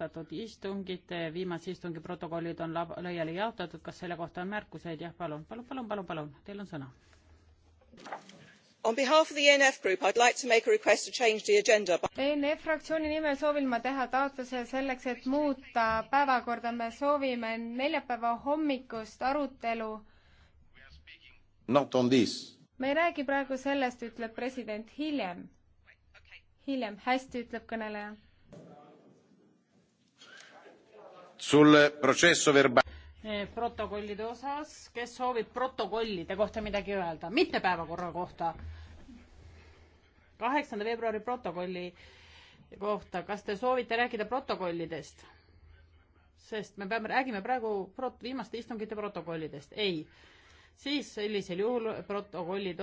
alustatud istungite, viimase istungi protokollid on laiali jaotatud, kas selle kohta on märkuseid, jah, palun, palun, palun, palun, palun, teil on sõna. On behalf of the ENF group I'd like to make a request to change the agenda. ENF fraktsiooni nimel soovin ma teha taotluse selleks, et muuta päevakorda, me soovime neljapäeva hommikust arutelu. Not on this. me ei räägi praegu sellest, ütleb president hiljem. hiljem, hästi, ütleb kõneleja sul processo verba-. protokollide osas, kes soovib protokollide kohta midagi öelda, mitte päevakorra kohta? kaheksanda veebruari protokolli kohta, kas te soovite rääkida protokollidest? sest me peame, räägime praegu prot-, viimaste istungite protokollidest, ei. siis sellisel juhul protokollid